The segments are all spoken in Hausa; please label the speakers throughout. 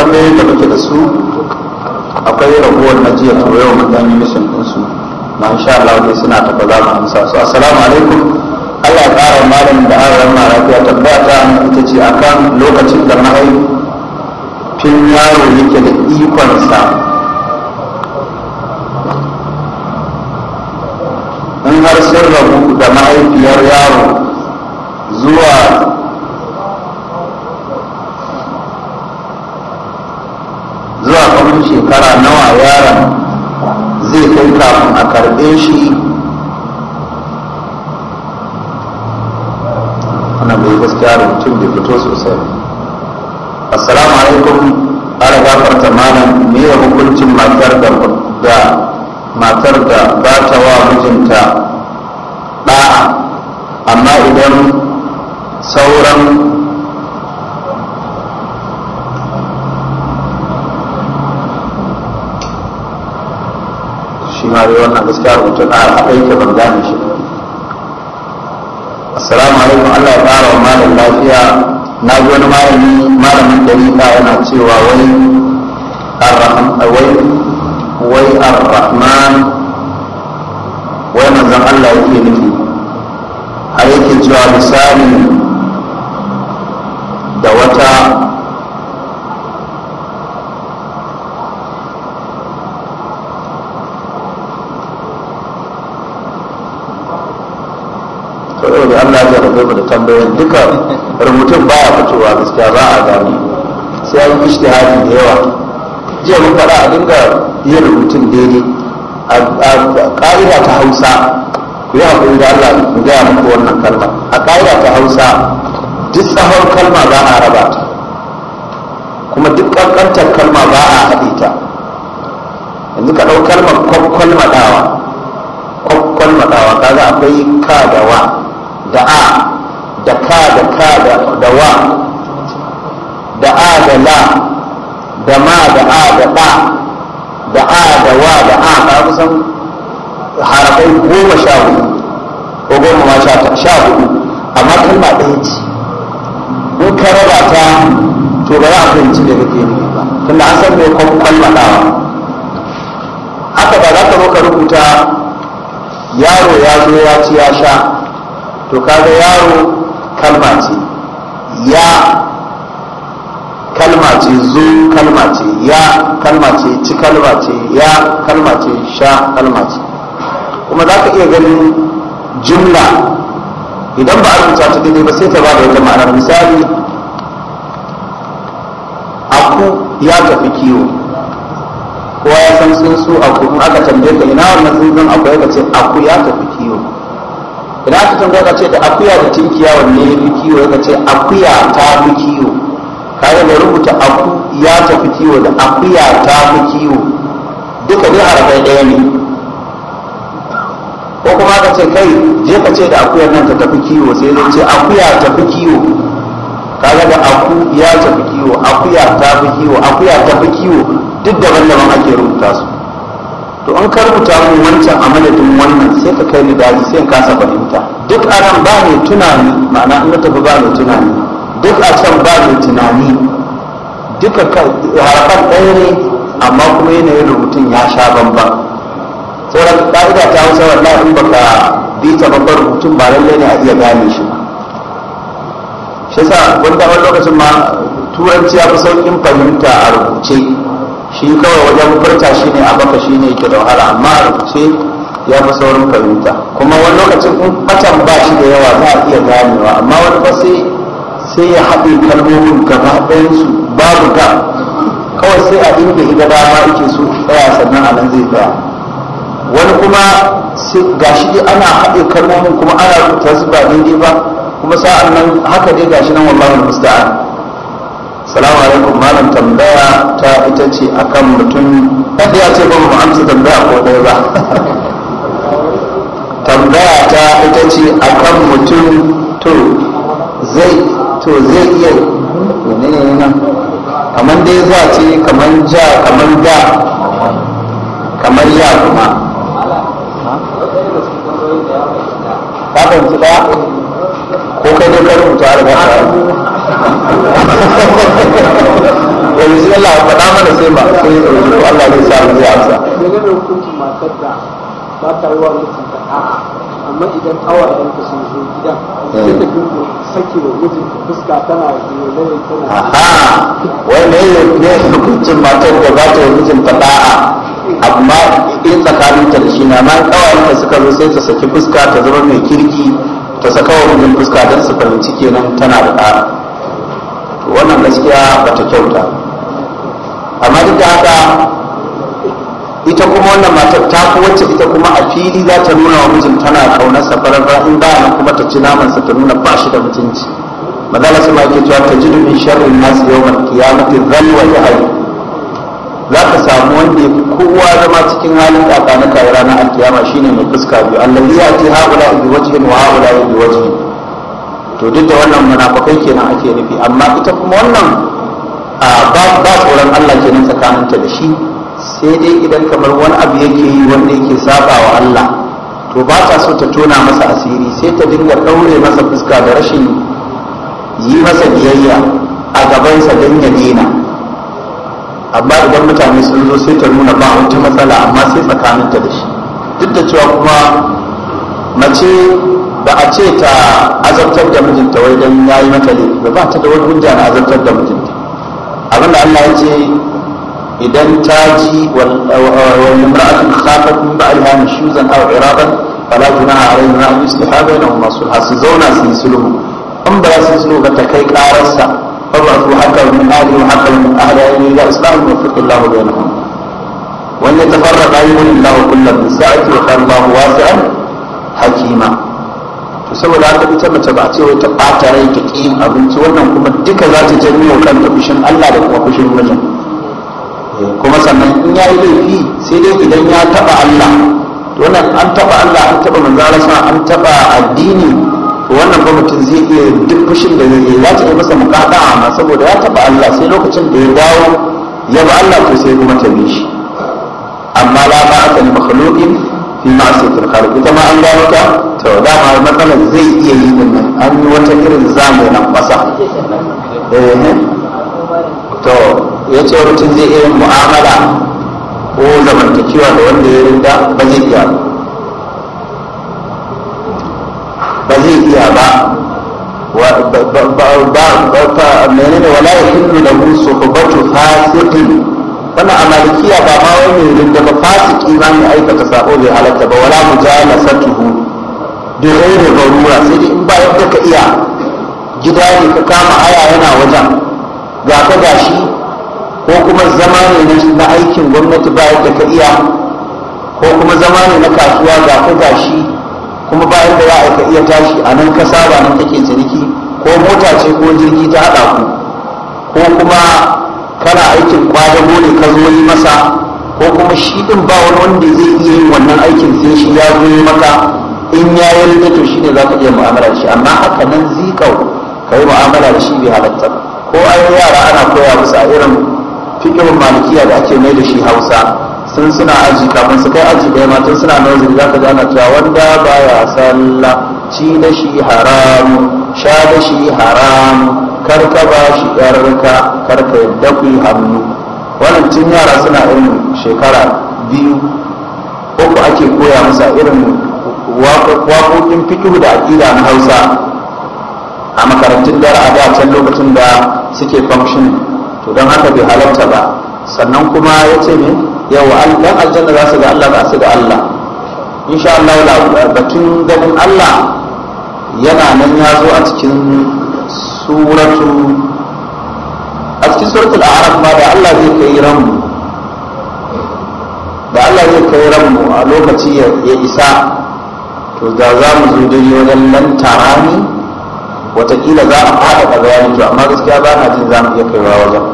Speaker 1: tambayoyin da muke da su akwai raguwar na jiya to yau mun dan yi na insha Allah dai suna tafa za mu amsa su assalamu alaikum Allah ya ƙara malamin da an rama lafiya tabbata ta ita ce akan lokacin da mahaifin yaro yake da ikonsa in har sun rabu da mahaifi karɓe shi ana bai gaskiya mutum bai fito sosai assalamu alaikum ala gafarta malam me ya hukuncin matar da da matar da ba ta wa mijinta ɗa'a amma idan sauran gaskiya rubutun a aiki ban gane shi assalamu alaikum allah ya ƙara wa malam lafiya na ji wani malami malamin da dalila yana cewa wai wai wai ar-rahman wai manzon allah yake nufi A yake cewa misali da wata da rufe mu da tambayan duka rubutun baya fitowa gaskiya ba a gani sai an ishtihadi da yawa jiya mun faɗa a dinga iya rubutun daidai a ƙa'ida ta hausa ku yi haƙuri da allah mu gaya muku wannan kalma a ƙa'ida ta hausa duk tsawon kalma za a raba ta kuma duk ƙanƙantar kalma ba a haɗe ta yanzu ka ɗau kalmar kwakwal maɗawa kwakwal maɗawa kaga akwai ka da wa da a da ka da ka da wa da a da la da ma da a da ɗa da a da wa da a ka kusan harafai goma sha hudu ko goma ma sha hudu amma kalma ɗaya ce in ka raba ta to ba za a fahimci da kake ne ba tunda an san me ɗawa. haka ba za ka zo ka rubuta yaro ya zo ya ci ya sha to kaga yaro kalma ce ya kalma ce zo kalma ce ya kalma ce ci kalma ce ya kalma ce sha kalma ce kuma za ka iya ganin jumla idan ba a rubuta ta daidai ba sai ta ba da wata ma'ana misali aku ya tafi kiwo kowa ya san tsuntsu aku in aka tambaye ka ina wannan tsuntsun aku ya ce aku ya tafi kiwo idan aka tambaya ka ce da akuya da tinkiya wanne ya fi kiwo ya ce akuya ta fi kiwo kayan da rubuta aku ya tafi kiwo da akuya ta fi kiwo duka ne a rafai ɗaya ne ko kuma ka ce kai je ka ce da akuya nan ta tafi kiwo sai zai ce akuya tafi kiwo kayan da aku ya tafi kiwo akuya ta fi kiwo akuya ta fi kiwo duk daban-daban ake rubuta su to an karbuta mu wancan a ka kai ni daji sai ka kasa fahimta duk a nan ba mai tunani ma'ana in tafi ba mai tunani duk a can ba mai tunani duka harafan ɗaya ne amma kuma yanayin rubutun ya sha bambam sauran ƙa'ida ta hausa wallahi in baka bi ta babbar rubutun ba lallai ne a iya gane shi ba shi sa wanda wani lokacin ma turanci ya fi sauƙin fahimta a rubuce shi kawai wajen furta shi ne a baka shi ne ke da wahala amma a rubuce ya fi saurin fahimta kuma wani lokacin in fatan ba shi da yawa za a iya ganewa amma wani ba sai ya haɗe kalmomin gaba ɗayansu babu ga kawai sai a inda ida dama ake so tsaya sannan a nan zai tsaya wani kuma ga shi dai ana haɗe kalmomin kuma ana rubuta su ba daidai ba kuma sa'an nan haka dai gashi nan wallahi musta'an salamu alaikum malam tambaya ta ita ce akan mutum kada ya ce ba mu amsa tambaya ko ɗaya ba tambaya ta ita ce akan mutum to zai to zai iya ne nan kamar dai za ce kamar ja kamar da kamar ya kuma ko kai dai har faɗa mana sai ba sai ya Allah zai sa mu amsa amma idan awayen ka sun zo gidan eh. sake wa mijin fuska tana tana aha wai ne ne hukuncin matar da ba ta wa mijin ta amma in tsakanin ta da shi na ma kawayen ta suka zo sai ta saki fuska ta zama mai kirki ta saka wa mijin fuska don su fahimci kenan tana da ɗa wannan gaskiya ba ta kyauta amma duk da haka ita kuma wannan matar ta ku wacce ita kuma a fili za ta nuna wa mijin tana kaunar sa farar in ba nan kuma ta ci naman sa ta nuna ba shi da mutunci madalla su ma ke cewa ta jidu min sharrin nasu yawmal qiyamati zalwa jahannam za ka samu wanda ya kowa zama cikin halin naka ya ranar alkiyama shine mai fuska biyu allah ya ce haula bi wajhin wa haula bi waje? to duk da wannan munafakai kenan ake nufi amma ita kuma wannan ba tsoron Allah kenan tsakaninta da shi sai dai idan kamar wani abu yake yi wanda yake saba wa Allah to ba ta so ta tona masa asiri sai ta dinga ɗaure masa fuska da rashin yi masa biyayya a gabansa don ya dena amma idan mutane sun zo sai ta nuna ba wata matsala amma sai tsakaninta da shi duk da cewa kuma mace ba a ce ta azabtar da mijinta wai don ya yi mata laifi ba ta da wani hujja na azabtar da mijinta abinda Allah ya ce idan ta ji wani uh, uh, mura'atun khafat min ba'liha nushuzan aw iradan fala junaha alayhi ma yusliha bainahuma sulha su zauna su yi sulhu in ba su sulhu ba ta kai kararsa fa ba su haka min ahli wa haka min ahli ayyi ila islam wa fiqillahu bainahum wa Wani yatafarraqa ayyuhum kullam min sa'ati wa kana Allahu wasi'an hakima to saboda haka ita mace ba ce wata ɓata rai ta ƙi abinci wannan kuma duka za ta janyo kanta fushin Allah da kuma fushin mijin kuma sannan in ya yi laifi sai dai idan ya taba Allah to wannan an taba Allah an taba manzarasa an taba addini to wannan ba mutum zai iya duk fushin da zai yi za ta masa mukada amma saboda ya taba Allah sai lokacin da ya dawo ya ba Allah to sai kuma ta bi shi amma la ba ta ni fi ta ita ma an gano ta to da ma matsalar zai iya yi din nan an wata irin zamanin masa eh, eh. to ya ce mutum zai iya mu'amala ko zamantakewa da wanda ya rinda ba zai iya ba zai iya ba menene wala ya hindu da musu hubatu fasikin wannan a malikiya ba ma wani rinda ba fasiki ma mai aikata sabo mai halatta ba wala mujalasatuhu da ghairi barura sai dai in bayan yadda ka iya gida ne ka kama aya yana wajen ga ka gashi ko kuma zama ne na aikin gwamnati ba yadda ka iya ko kuma zama ne na kasuwa ga ka gashi kuma ba yadda za a iya tashi a nan ka saba nan kake ciniki ko mota ce ko jirgi ta haɗa ku ko kuma kana aikin kwadago ne ka zo yi masa ko kuma shi ɗin ba wani wanda zai iya yin wannan aikin sai shi ya zo yi maka in ya yarda to shi ne za ka iya mu'amala da shi amma haka nan zikau ka yi mu'amala da shi bai halatta ko ai yara ana koya musu a irin fikirin malikiya da ake mai da shi hausa sun suna aji kafin su kai aji ɗaya matan suna wajen za ka ji ana cewa wanda ya sallah ci da shi haramu sha da shi haramu karka ba shi yarka karka yadda ku yi hannu wannan tun yara suna irin shekara biyu uku ake koya masa irin wakokin fikiru da aƙida na hausa a makarantun dara a da can lokacin da suke function to don haka bai halarta ba sannan kuma ya ce ne yawa dan aljanna za su ga Allah ba su ga Allah insha Allah batun ganin Allah yana nan ya zo a cikin suratu a cikin suratul a'raf ma da Allah zai kai ranmu da Allah zai kai ranmu a lokaci ya isa to da za mu zo dai wajen nan tarani watakila za a fada bayani yanzu amma gaskiya ba na jin za mu iya kaiwa wajen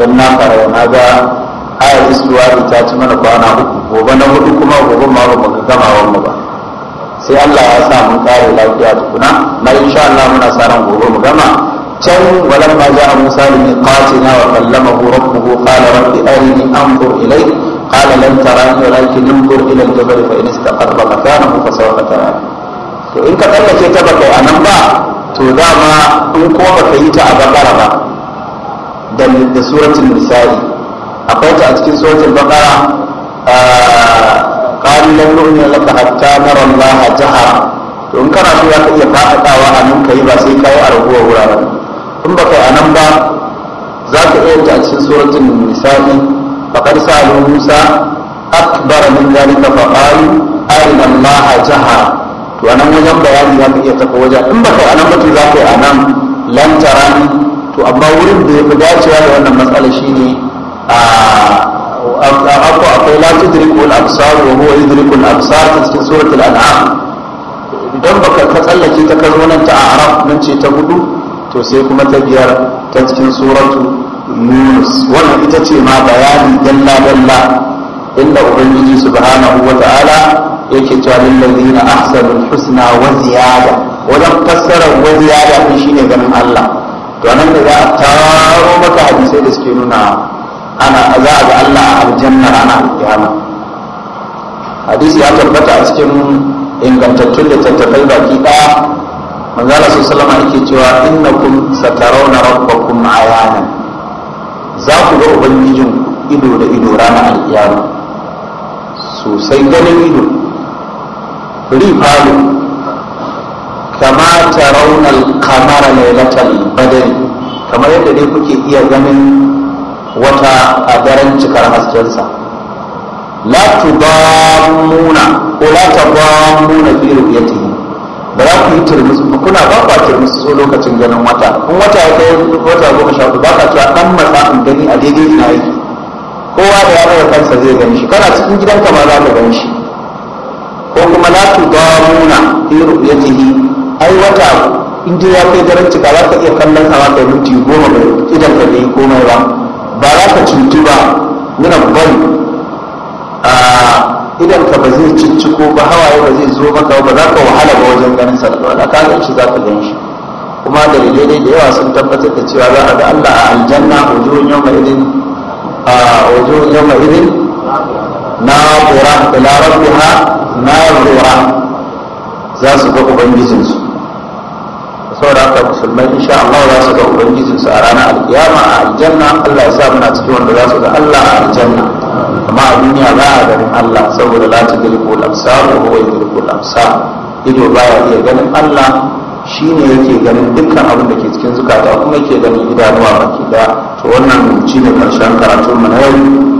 Speaker 1: don na fara na ga ayar da ta ci mana kwana uku gobe na hudu kuma gobe ma ba ka gama wanda ba sai Allah ya sa mun kare lafiya tukuna na insha Allah muna sa ran gobe mu gama can walan ma ja'a Musa li miqatina wa kallamahu rabbuhu qala rabbi arini anzur ilayk qala lan tarani walakin anzur ila al-jabal fa in istaqarra makanahu fa sawfa tara to in ka ce ta baka anan ba to dama in ko ka yi ta a bakara ba da suratun nisa'i akwai ta a cikin a baqara qalu nuna nu'mina laka hatta na allaha a to in kana so ka iya fafatawa a nan ka yi ba sai kawo a raguwar wuraren Tun ba kai a nan ba za ka iya ta a cikin suratul nisa'i a sa'alu musa akbar min dalika fa qalu arina allaha jahara to a nan wajen bayani za ka iya tafi wajen in ba kai a nan ba to za ka yi a nan lan to amma wurin da ya fi dacewa da wannan matsala shine a ako akwai lati tudriku al absar wa huwa yudriku absar ta cikin surat al idan baka ka tsallake ta kazo nan ta araf nan ce ta hudu to sai kuma ta biyar ta cikin suratu yunus wannan ita ce ma bayani dalla dalla inda ubangiji subhanahu wa ta'ala yake cewa lillazina ahsanul husna wa ziyada wajen fassara wa ziyada din shine ganin Allah to nan da za taro maka hadisai da suke nuna ana za a ga Allah a aljanna ana alƙiyama hadisi ya tabbata a cikin ingantattun littattafai baki ɗaya manzala su salama yake cewa innakum na rabbakun ayanan za ku ga ubangijin ido da ido ranar alƙiyama sosai ganin ido rifalo kama tarawun al-qamara lailatal badr kamar yadda dai kuke iya ganin wata a daren cikar haskensa la Muna ko la tudammuna fi ru'yatihi ba za ku yi turmusu ba kuna ba ku turmusu so lokacin ganin wata in wata ya kai wata goma sha ba ka cewa dan matsa in gani a daidai ina yake kowa da ya raba kansa zai gani shi kana cikin gidanka ba za ka gani shi ko kuma la tudammuna fi ru'yatihi ai wata in dai ya kai daren cika za ka iya kallon sama kai minti goma da idan ka bai komai ba ba za ka cutu ba nuna bari a idan ka ba zai ko ba hawaye ba zai zo maka ba za ka wahala ba wajen ganin sallama da kaga shi za ka gan shi kuma da dalilai da yawa sun tabbatar da cewa za a ga Allah a aljanna wajen yau mai idin a wajen yau mai idin na kura da larar na kura za su ga ubangijinsu saboda haka musulmai insha Allah za su ga ubangijin su a ranar alkiyama a aljanna Allah ya sa muna cikin wanda za su ga Allah a aljanna amma a duniya ba a ganin Allah saboda la ta gilku lamsa ko wai yulku lamsa. ido baya iya ganin Allah shi shine yake ganin dukkan abin da ke cikin zukata kuma yake ganin idanuwa baki da to wannan ci ne karshen karatun mu na yau